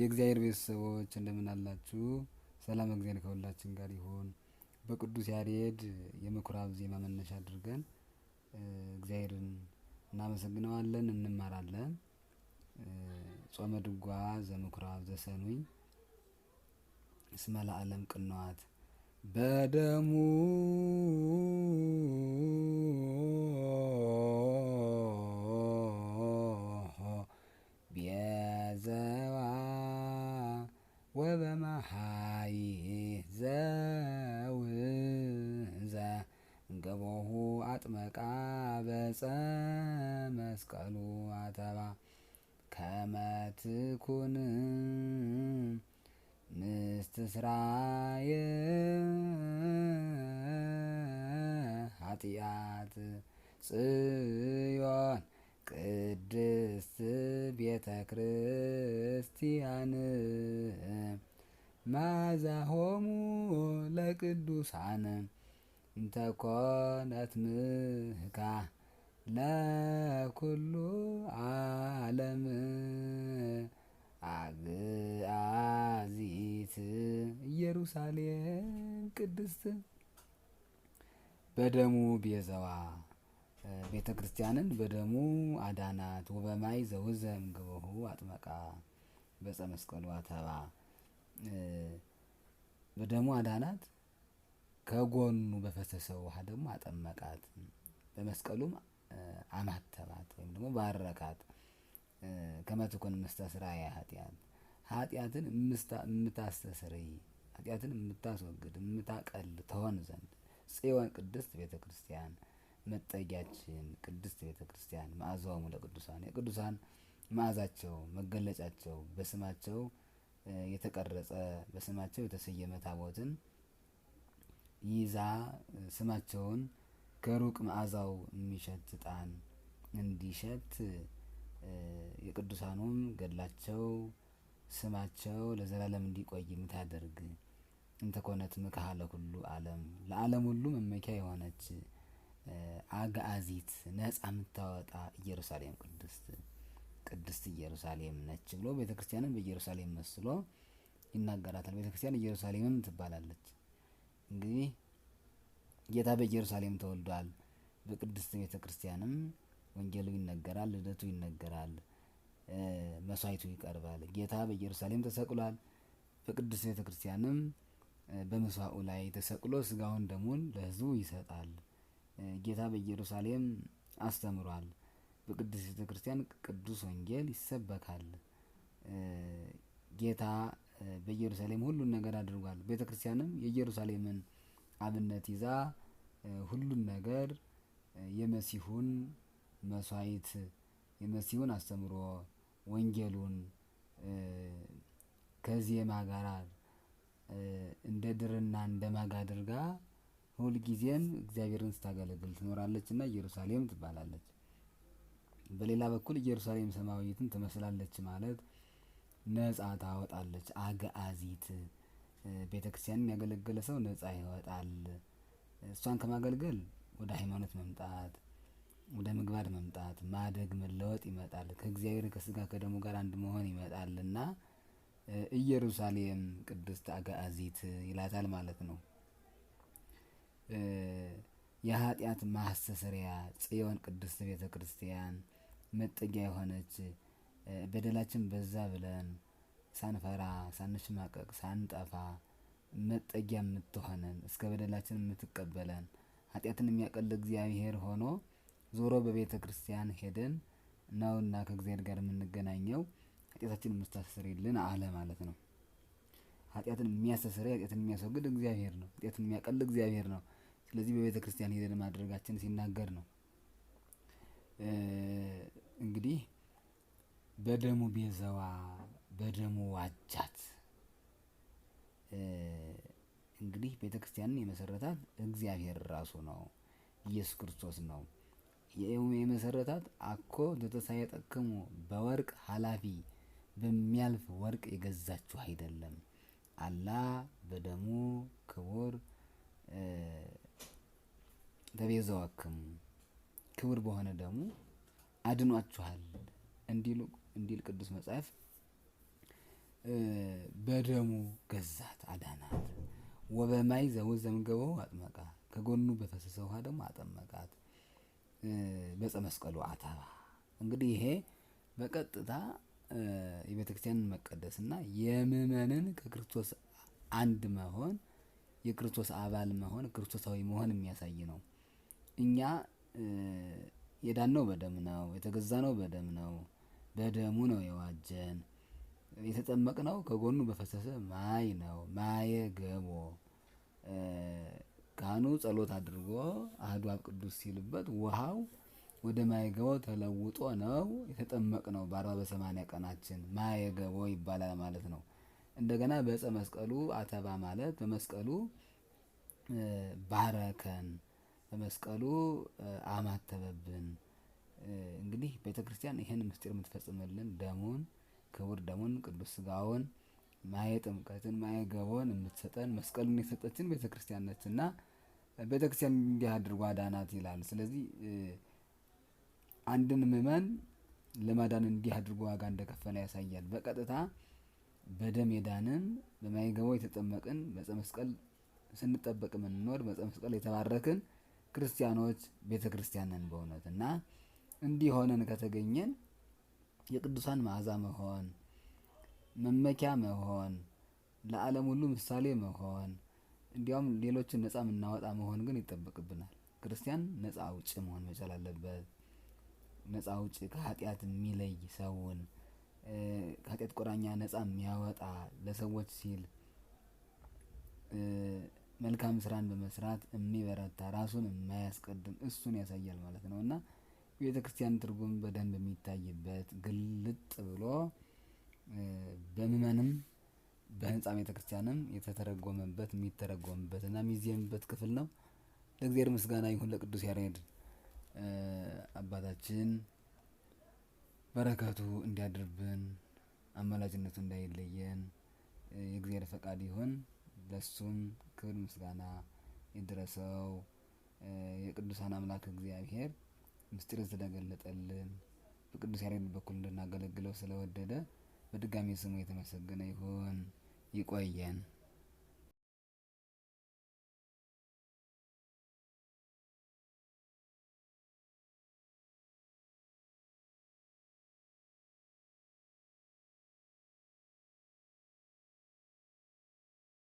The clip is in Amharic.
የእግዚአብሔር ቤተሰቦች እንደምን አላችሁ? ሰላም እግዚአብሔር ከሁላችን ጋር ይሁን። በቅዱስ ያሬድ የምኩራብ ዜማ መነሻ አድርገን እግዚአብሔርን እናመሰግነዋለን፣ እንማራለን። ጾመ ድጓ ዘምኩራብ ዘሰኑኝ እስመ ለዓለም ቅንዋት በደሙ ቤዛ በመሃይህ ዘውእዘ እንቅቦሁ አጥመቃ በፀ መስቀሉ አተባ ከመትኩን ምስትስራየ ኃጢአት ጽዮን ቅድስት ቤተ ክርስቲያን ማዛሆሙ ለቅዱሳነ እንተኮነት ምህካ ለኩሉ ዓለም አግአዚት ኢየሩሳሌም ቅድስት በደሙ ቤዘዋ ቤተ ክርስቲያንን በደሙ አዳናት። ወበማይ ዘውዘም ግበሁ አጥመቃ በጸመስቀሏ ተባ በደሙ አዳናት፣ ከጎኑ በፈሰሰው ውሃ ደግሞ አጠመቃት፣ በመስቀሉም አማተባት ወይም ደግሞ ባረካት። ከመ ትኩን እምስታስራይ ኃጢአት ኃጢአትን የምታስተሰርይ ኃጢአትን የምታስወግድ የምታቀል ትሆን ዘንድ ጽዮን ቅድስት ቤተ ክርስቲያን መጠጊያችን ቅድስት ቤተ ክርስቲያን ማዕዛው ሙለ የቅዱሳን መዓዛቸው መገለጫቸው በስማቸው የተቀረጸ በስማቸው የተሰየመ ታቦትን ይዛ ስማቸውን ከሩቅ መዓዛው የሚሸት ጣን እንዲሸት የቅዱሳኑም ገድላቸው ስማቸው ለዘላለም እንዲቆይ የምታደርግ እንተኮነት ምካሃለ ሁሉ ዓለም ለዓለም ሁሉ መመኪያ የሆነች አጋአዚት ነጻ የምታወጣ ኢየሩሳሌም ቅድስት ኢየሩሳሌም ነች ብሎ ቤተ ክርስቲያንን በኢየሩሳሌም መስሎ ይናገራታል። ቤተ ክርስቲያን ኢየሩሳሌምም ትባላለች። እንግዲህ ጌታ በኢየሩሳሌም ተወልዷል። በቅድስት ቤተ ክርስቲያንም ወንጌሉ ይነገራል፣ ልደቱ ይነገራል፣ መስዋዕቱ ይቀርባል። ጌታ በኢየሩሳሌም ተሰቅሏል። በቅድስት ቤተ ክርስቲያንም በመስዋዕቱ ላይ ተሰቅሎ ስጋውን ደሙን ለሕዝቡ ይሰጣል። ጌታ በኢየሩሳሌም አስተምሯል። ቤተ ክርስቲያን ቅዱስ ወንጌል ይሰበካል። ጌታ በኢየሩሳሌም ሁሉን ነገር አድርጓል። ቤተ ክርስቲያንም የኢየሩሳሌምን አብነት ይዛ ሁሉን ነገር የመሲሁን መስዋዕት፣ የመሲሁን አስተምሮ ወንጌሉን ከዜማ ጋር እንደ ድርና እንደ ማግ አድርጋ ሁልጊዜም እግዚአብሔርን ስታገለግል ትኖራለች እና ኢየሩሳሌም ትባላለች። በሌላ በኩል ኢየሩሳሌም ሰማያዊትን ትመስላለች ማለት ነጻ ታወጣለች። አገአዚት ቤተ ክርስቲያንን ያገለገለ ሰው ነጻ ይወጣል። እሷን ከማገልገል ወደ ሃይማኖት መምጣት፣ ወደ ምግባር መምጣት፣ ማደግ፣ መለወጥ ይመጣል። ከእግዚአብሔር ከስጋ ከደሙ ጋር አንድ መሆን ይመጣል እና ኢየሩሳሌም ቅድስት አግአዚት ይላታል ማለት ነው። የኃጢአት ማስተስሪያ ጽዮን ቅድስት ቤተ ክርስቲያን መጠጊያ የሆነች በደላችን በዛ ብለን ሳንፈራ ሳንሽማቀቅ ሳንጠፋ መጠጊያ የምትሆነን እስከ በደላችን የምትቀበለን ኃጢአትን የሚያቀል እግዚአብሔር ሆኖ ዞሮ በቤተ ክርስቲያን ሄደን ነውና ከእግዚአብሔር ጋር የምንገናኘው ኃጢአታችን የምታስርልን አለ ማለት ነው። ኃጢአትን የሚያስተስረ ኃጢአትን የሚያስወግድ እግዚአብሔር ነው። ኃጢአትን የሚያቀል እግዚአብሔር ነው። ስለዚህ በቤተ ክርስቲያን ሄደን ማድረጋችን ሲናገር ነው። እንግዲህ በደሙ ቤዛዋ በደሙ ዋጃት። እንግዲህ ቤተ ክርስቲያንን የመሰረታት እግዚአብሔር ራሱ ነው፣ ኢየሱስ ክርስቶስ ነው የመሰረታት። አኮ ዘተሳየጠክሙ በወርቅ ኃላፊ በሚያልፍ ወርቅ የገዛችሁ አይደለም አላ በደሙ ክቡር ተቤዛዋክሙ ክቡር በሆነ ደሙ አድኗችኋል እንዲሉ እንዲል ቅዱስ መጽሐፍ በደሙ ገዛት አዳናት። ወበማይ ዘውዝ ዘምገበው አጥመቃ ከጎኑ በፈሰሰ ውሃ ደግሞ አጠመቃት በጸ መስቀሉ አታባ። እንግዲህ ይሄ በቀጥታ የቤተ ክርስቲያንን መቀደስና የምእመንን ከክርስቶስ አንድ መሆን የክርስቶስ አባል መሆን ክርስቶሳዊ መሆን የሚያሳይ ነው። እኛ የዳነው በደም ነው፣ የተገዛ ነው በደም ነው፣ በደሙ ነው የዋጀን። የተጠመቅ ነው ከጎኑ በፈሰሰ ማይ ነው። ማየ ገቦ ካህኑ ጸሎት አድርጎ አህዱ አብ ቅዱስ ሲልበት ውሃው ወደ ገቦ ተለውጦ ነው የተጠመቅ ነው። በአርባ በሰማኒያ ቀናችን ገቦ ይባላል ማለት ነው። እንደገና በዕፀ መስቀሉ አተባ ማለት በመስቀሉ ባረከን መስቀሉ አማተበብን። እንግዲህ ቤተ ክርስቲያን ይህን ምስጢር የምትፈጽምልን ደሙን ክቡር ደሙን ቅዱስ ስጋውን ማየ ጥምቀትን ማየ ገቦን የምትሰጠን መስቀሉን የሰጠችን ቤተ ክርስቲያን ነች እና ቤተ ክርስቲያን እንዲህ አድርጎ አዳናት ይላል። ስለዚህ አንድን ምእመን ለማዳን እንዲህ አድርጎ ዋጋ እንደከፈለ ያሳያል። በቀጥታ በደም የዳንን በማየ ገቦ የተጠመቅን በፀመስቀል ስንጠበቅ የምንኖር በፀመስቀል የተባረክን ክርስቲያኖች ቤተ ክርስቲያንን በእውነት እና እንዲህ ሆነን ከተገኘን የቅዱሳን መዓዛ መሆን መመኪያ መሆን ለዓለም ሁሉ ምሳሌ መሆን እንዲያውም ሌሎችን ነፃ የምናወጣ መሆን ግን ይጠበቅብናል። ክርስቲያን ነፃ አውጭ መሆን መቻል አለበት። ነፃ አውጭ ከኃጢአት የሚለይ ሰውን ከኃጢአት ቁራኛ ነፃ የሚያወጣ ለሰዎች ሲል መልካም ስራን በመስራት የሚበረታ ራሱን የማያስቀድም እሱን ያሳያል ማለት ነው እና ቤተ ክርስቲያን ትርጉም በደንብ የሚታይበት ግልጥ ብሎ በምመንም በህንፃ ቤተ ክርስቲያንም የተተረጎመበት የሚተረጎምበት እና የሚዜምበት ክፍል ነው። ለእግዚአብሔር ምስጋና ይሁን ለቅዱስ ያሬድ አባታችን በረከቱ እንዲያድርብን አመላጭነቱ እንዳይለየን የእግዚአብሔር ፈቃድ ይሁን። ለሱም ክብር ምስጋና የደረሰው የቅዱሳን አምላክ እግዚአብሔር ምስጢር ስለገለጠልን በቅዱስ ያሬድ በኩል እንድናገለግለው ስለወደደ በድጋሚ ስሙ የተመሰገነ ይሁን። ይቆየን።